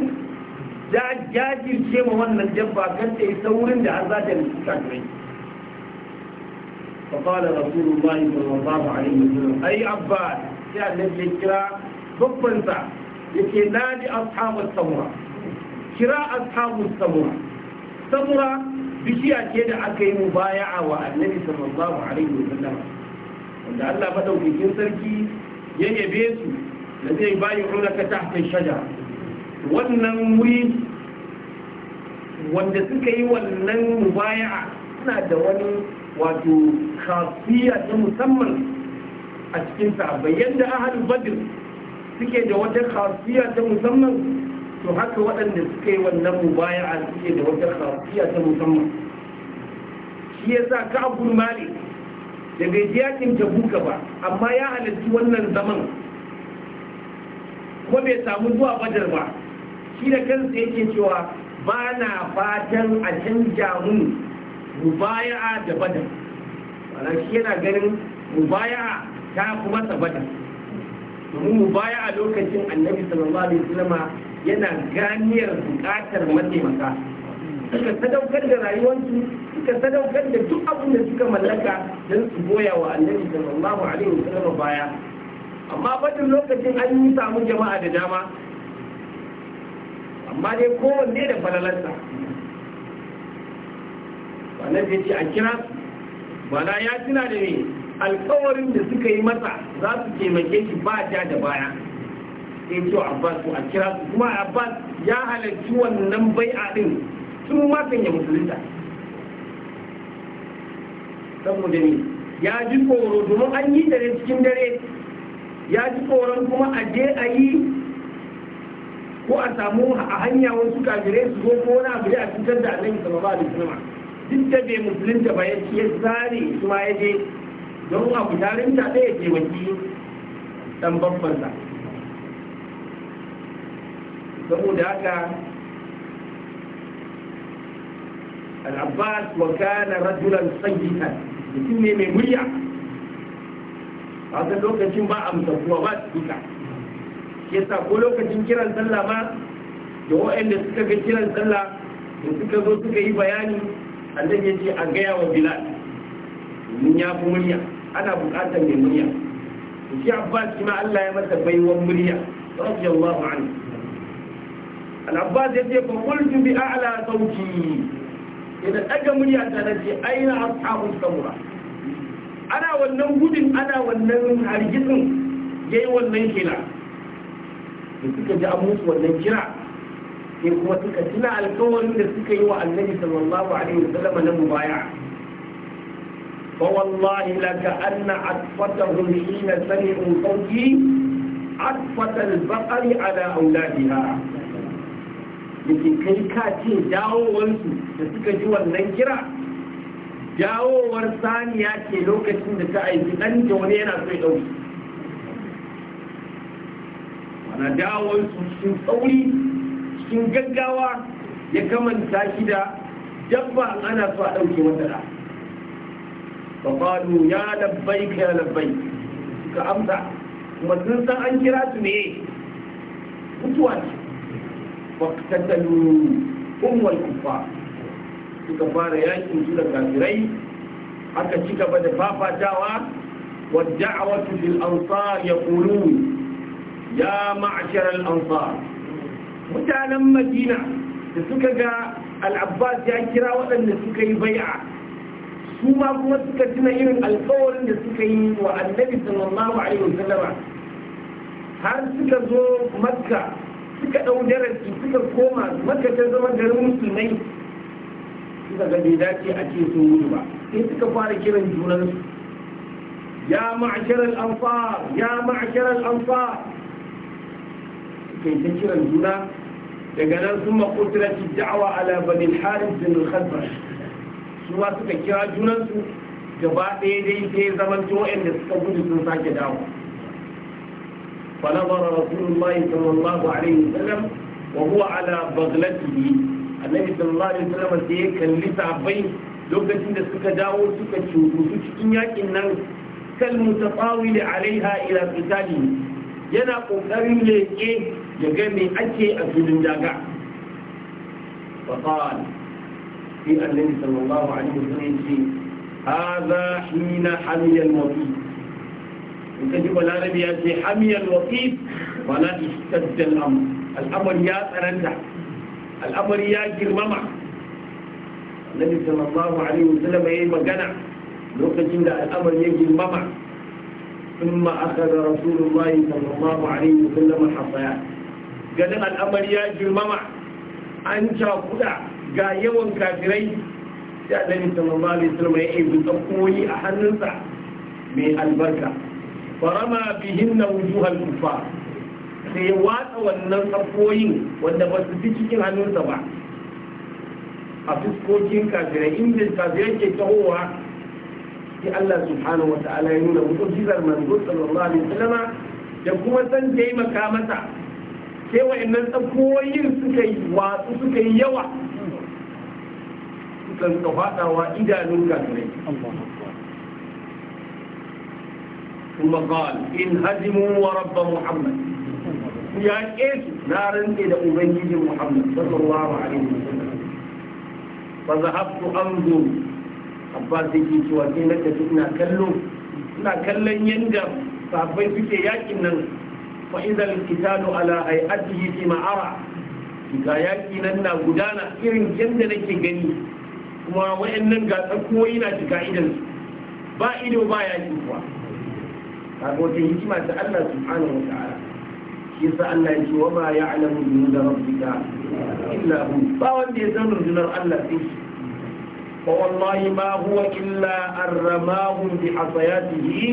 jajirce ma wannan dabba kan ta yi saurin da har za ta nufi kafirai فقال رسول الله صلى الله عليه وسلم أي عباد يا الذي كرا بفنسا يكي نادي أصحاب السمرة كرا أصحاب السمرة samura bishiya ce da aka yi a wa annabi a alaihi wasallam wanda Allah kin sarki ya su da zai bayi runaka ta haifin shaja wannan wuri wanda suka yi wannan mubaya suna da wani wato kafiya ta musamman a cikin sahabbai yadda ahalu badr suke da wata kafiya ta musamman to haka waɗanda suka yi wannan mubaya suke da wata kafiya ta musamman shi ya sa ka abul malik da bai ji yakin tabuka ba amma ya halarci wannan zaman ko bai samu zuwa badar ba shi da kansa yake cewa ba na fatan a canja mun mubaya'a da badar wanda shi yana ganin mubaya'a ta fi masa badar domin a lokacin annabi sallallahu alaihi wasallam yana ganiyar bukatar mataimaka suka sadaukar da rayuwarsu suka sadaukar da duk abin da suka mallaka don su goya wa annabi sallallahu alaihi wasallam baya amma bacin lokacin an yi samun jama'a da dama amma dai kowanne da falalarsa ba na ce a kira bala ya tuna da ne alkawarin da suka yi masa za su taimake shi ba ja da baya sai ce abbas a kira su kuma abbas ya halarci wannan bai a ɗin tun makon ya musulunta saboda ne ya ji koro domin an yi dare cikin dare ya ji tsoron kuma a je a yi ko a samu a hanya wasu kagire su zo ko wani abu a cutar da annabi ba da wasallam duk da bai musulunta ba ya ce zare su ma ya je don abu tarin ta ɗaya ce dan sa saboda haka al-abbas wa kana rajulan sayyidan mutum ne mai murya haka lokacin ba amsa kuwa ba su duka yasa ko lokacin kiran sallah ma da waɗanda suka ga kiran sallah da suka zo suka yi bayani annabi ya ce a gaya wa bilal mun ya fi murya ana bukatar mai murya shi abbas shi ma Allah ya masa baiwan murya radiyallahu anhu al-abbas ya ce fa qultu bi a'la sauti idan daga murya ta nace aina ashabu samura ana wannan gudun ana wannan hargitsin ya yi wannan kira da suka ji an musu wannan kira sai kuma suka tuna alkawarin da suka yi wa annabi sallallahu alaihi wasallam na mubaya fa wallahi laka anna atfatahum hina sami'u sawti atfata al-baqari ala auladiha yake kai ka ce dawowansu da suka ji wannan kira dawowar saniya ke lokacin da ta aiki ɗan da wani yana so ya ɗauki ana dawowar su cikin tsauri cikin gaggawa ya kamanta shi da dabba ana so a ɗauke wata da faɗo ya labbai ka ya labbai suka amsa kuma sun san an kira su ne mutuwa ce faktattalu umar kufa suka fara yakin su da kafirai aka ci gaba da fafatawa والدعوة للأنصار يقولون يا معشر الأنصار mutanen madina da suka ga al'abbas ya kira waɗanda suka yi bai'a su ma kuma suka tuna irin alƙawarin da suka yi wa annabi sallallahu alaihi wasallama har suka zo makka suka ɗau darasi suka koma makka ta zama garin musulmai suka ga bai dace a ce sun gudu ba suka fara kiran junansu ya ma'asharar ansar ya ma'asharar ansar suka ta kiran juna daga nan sun makotirar da'awa ala banin harin bin al su ma suka kira junansu gaba ɗaya dai sai zaman da suka gudu sun sake dawo فنظر رسول الله صلى الله عليه وسلم وهو على بغلته annabi sallallahu alaihi wasallam sai ya kalli sahabbai lokacin da suka dawo suka cutu cikin yakin nan kal mutafawil alaiha ila qitali yana kokarin leke ya ga me ake a filin daga fa qala fi annabi sallallahu alaihi wasallam ce hadha hina hamiya al-waqif in kaji balarabi ya ce hamiya al-waqif wala ishtadda al-amr al-amr ya tsaranta. al'amari ya girmama annabi sallallahu alaihi wasallam yayi magana lokacin da al'amari ya girmama ثم أخذ رسول الله صلى الله عليه وسلم الحصيات قال الأمر يا جماعة أنت كدا ga yawan kafirai da annabi sallallahu alaihi wasallam ya yi tsakoyi a hannunsa mai albarka farama bihinna wujuhal kuffar sai ya watsa wannan tsakoyin wanda ba su fi cikin hannunsa ba a fuskokin kafirai inda kafirai ke tahowa sai Allah subhanahu wa ta'ala ya nuna mu'jizar manzo sallallahu alaihi wasallama da kuma san taimaka masa sai wa'annan tsakoyin suka yi watsu suka yi yawa suka rika fadawa idanun kafirai ثم قال انهزموا ورب محمد ku yaƙe su na rantse da ubangijin muhammad sallallahu alaihi wasallam fa zahabtu anzu abbas yake cewa sai na tafi ina kallo ina kallon yanda sahabbai suke yakin nan fa idal qitalu ala hay'atihi fi ma'ara ga yaki nan na gudana irin yadda nake gani kuma wayannan ga tsakuwoyi na shiga idan ba ido ba yaki kuwa kaga wata hikima ta Allah subhanahu wa ta'ala ya yasa Allah ya ce wa ma ya'lamu junuda rabbika illa hu ba wanda ya san rundunar Allah sai shi fa wallahi ma huwa illa arramahum bi asayatihi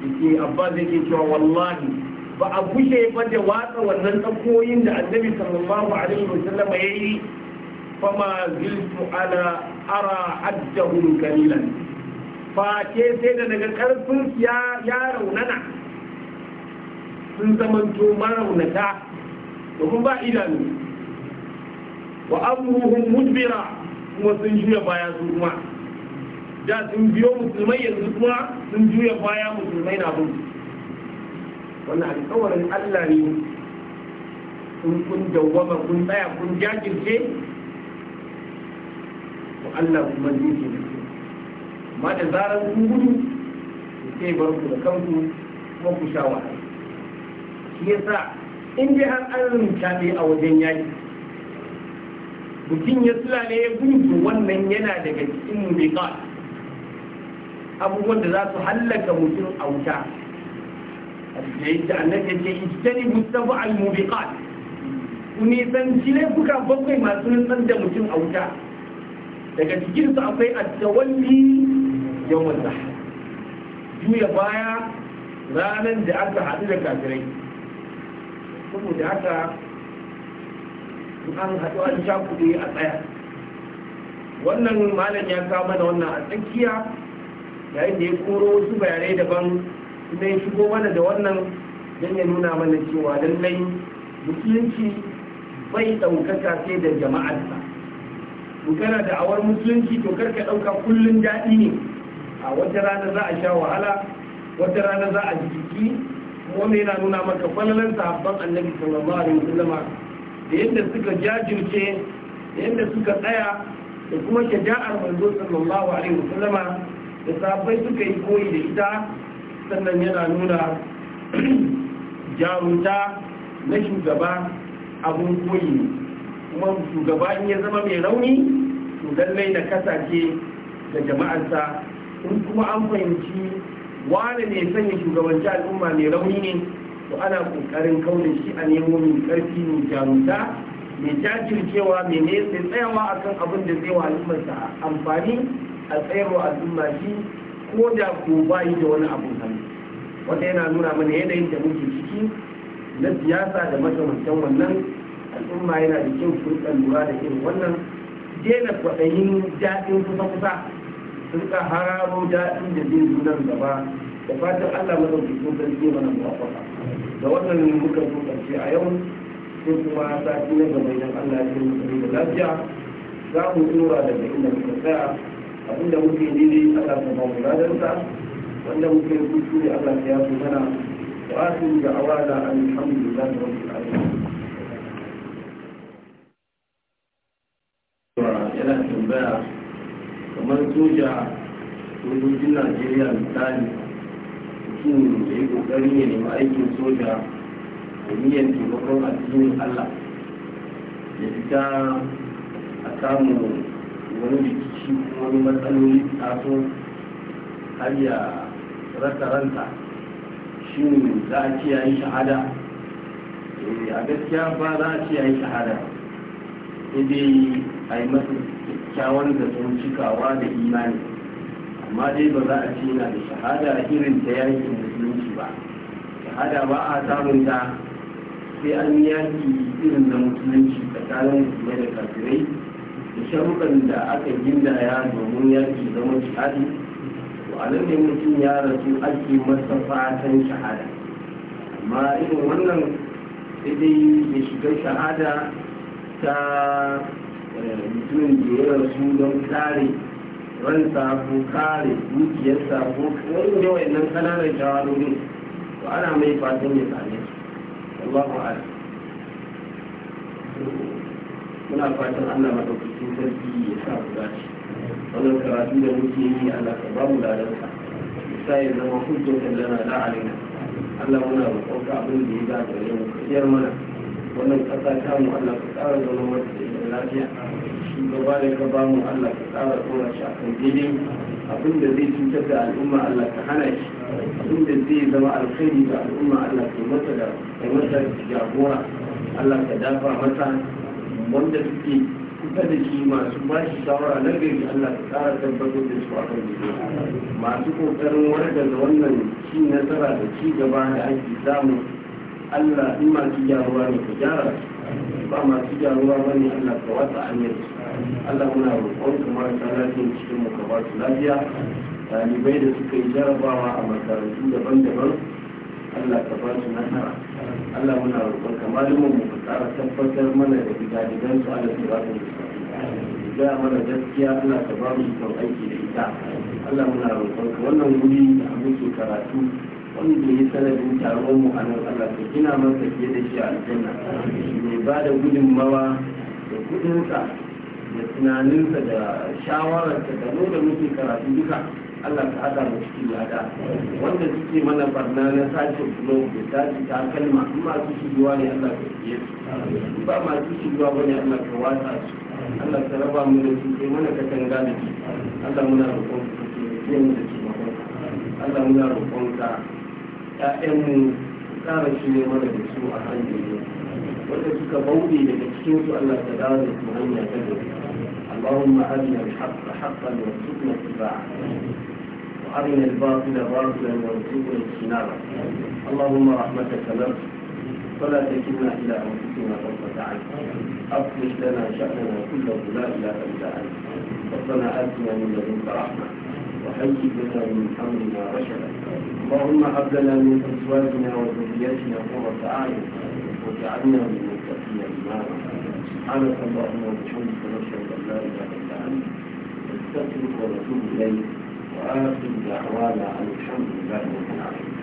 yake abba zai ke cewa wallahi ba a bushe ba da watsa wannan tsakoyin da annabi sallallahu alaihi wa sallam yayi ma ziltu ala ara haddahum kalilan fa ke sai da daga karfin ya raunana sun zamanto da domin ba idanu wa amruhum mudbira kuma sun juya baya su kuma da sun biyo musulmai yanzu kuma sun juya baya musulmai na bin wannan alƙawarin Allah ne sun kun dawwama kun tsaya kun jajirce to Allah kuma zai ke da su amma da zarar kun gudu sai bar ku da kanku kuma ku sha wahala shi yasa in dai har an rubuta a wajen yaƙi, mutum ya sulale ya gudu wannan yana daga cikin mubiqat abubuwan da za su hallaka mutum a wuta da yadda annabi ya ce istani mustafa al-mubiqat ku nisanci laifuka bakwai masu nisan da mutum a wuta daga cikinsu akwai attawalli yawan juya baya ranar da aka haɗu da kafirai saboda haka an haɗu an sha kuɗi a tsaya wannan malam ya kawo mana wannan a tsakiya yayin da ya koro wasu bayanai daban inda ya shigo mana da wannan don ya nuna mana cewa lallai musulunci bai ɗaukaka sai da jama'arsa in kana da awar musulunci to kar ka ɗauka kullum daɗi ne a wata rana za a sha wahala wata rana za a jiki wanda yana nuna maka falalan sahabban annabi sallallahu alaihi wasallam da yadda suka jajirce da yadda suka tsaya da kuma shaja'ar manzo sallallahu alaihi wasallam da sahabbai suka yi koyi da ita sannan yana nuna jarunta na shugaba abun koyi kuma shugaba in ya zama mai rauni to lallai na kasace da jama'arsa in kuma an fahimci wane ne sanya shugabanci al'umma mai rauni ne to ana kokarin kauna shi a nemo mai karfi mai jarumta mai jajircewa mai sai tsayawa kan abin da zai wa al'ummarsa amfani a tsayarwa al'umma shi ko da ko bayi da wani abu hannu wanda yana nuna mana yanayin da muke ciki na siyasa da makamantan wannan al'umma yana da kyau su lura da irin wannan daina kwaɗayin daɗin kusa-kusa sun ka hararo daɗin da zai zo nan gaba da fatan Allah madaukakin sarki mana muwafaka da wannan muka so karshe a yau sai kuma sati na gaba idan Allah ya yi da lafiya za mu tura daga inda muka tsaya abinda muke daidai Allah ta ba mu ladarsa wanda muke su ne Allah ya fi mana wa asu da awala alhamdulillah rabbil ta'ala. yana tambaya kamar soja sojojin najeriya misali mutum da ya kokari ya nemi aikin soja da niyyar taimakon addinin allah ya fita a samu wani rikici wani matsaloli taso har ya rasa ranta shi za a ce ya yi shahada eh, a gaskiya ba za a ce ya yi shahada sai dai a yi masa kyakkyawan da sun cikawa da imani amma dai ba za a ce yana da shahada irin ta yaki musulunci ba shahada ba a samun ta sai an yaki irin da musulunci tsakanin musulmai da kafirai da sharuɗan da aka gindaya domin yaki zama shahadi to a nan ne mutum ya rasu ake masa fatan shahada amma irin wannan sai dai ya shiga shahada ta mutumin da ya rasu don kare ransa ko kare dukiyarsa ko wani ne wayannan kananan shawarorin to ana mai fatan ya same su Allahu a'lam muna fatan Allah madaukakin sarki ya sa mu dace wannan karatu da muke yi Allah ka ba mu ladarsa sa ya zama hujjar lana da alaina Allah muna roƙon abin da ya ga gare mu ka mana wannan kasa ta mu Allah ka tsara zama wata da lafiya shugaba da ka ba mu Allah ka tsara tsora shi a kan daidai abin da zai cutar da al'umma Allah ka hana shi abin da zai zama alkhairi ga al'umma Allah ka masa da ka masa jagora Allah ka dafa masa wanda suke kuka da shi masu ba shi shawara na gari Allah ka tsara tabbatar da su akan daidai masu kokarin warga da wannan ci nasara da ci gaba da ake samu Allah in masu gyaruwa ne ka gyara ba ma masu gyaruwa ba ne Allah ka wata hanyar Allah muna roƙon ka marasa lafiyan cikin mu ka ba su lafiya ɗalibai da suka yi jarabawa a makarantu daban-daban Allah ka ba su nasara Allah muna roƙon ka malumin mu ka tsara tabbatar mana da gidadigan su Allah su ba su ga mana gaskiya Allah ka ba mu ikon aiki da ita Allah muna roƙon ka wannan wuri da muke karatu wanda ya sanadin taron mu a nan Allah ka gina masa fiye da shi a aljanna ne ba da gudunmawa da kudinsa da tunaninsa da shawararsa da nuna da muke karatu duka Allah ka haɗa mu cikin lada wanda suke mana barna na sace kulo da sace ta kalma in masu shigowa ne Allah ka fiye su ba masu shigowa ba ne Allah ka wata su Allah ka raba mu da su sai mana katanga da shi Allah muna roƙon su ke mu da shi Allah muna roƙon ka ƴaƴanmu ƙara shi ne mana da su a kan duniya wanda suka bauɗe daga اللهم أرنا الحق حقا وارزقنا اتباعه وأرنا الباطل باطلا وارزقنا اجتنابه اللهم رحمتك نرجو فلا تكلنا إلى أنفسنا طرفة عين أصلح لنا شأننا كله لا إله إلا أنت ربنا آتنا من لدنك رحمة وحيبنا من أمرنا رشدا اللهم هب لنا من أزواجنا وذريتنا قرة أعين واجعلنا من المتقين إماما سبحانك اللهم وبحمدك نشهد أن لا إله إلا أنت نستغفرك ونتوب إليك وآخر دعوانا أن الحمد لله رب العالمين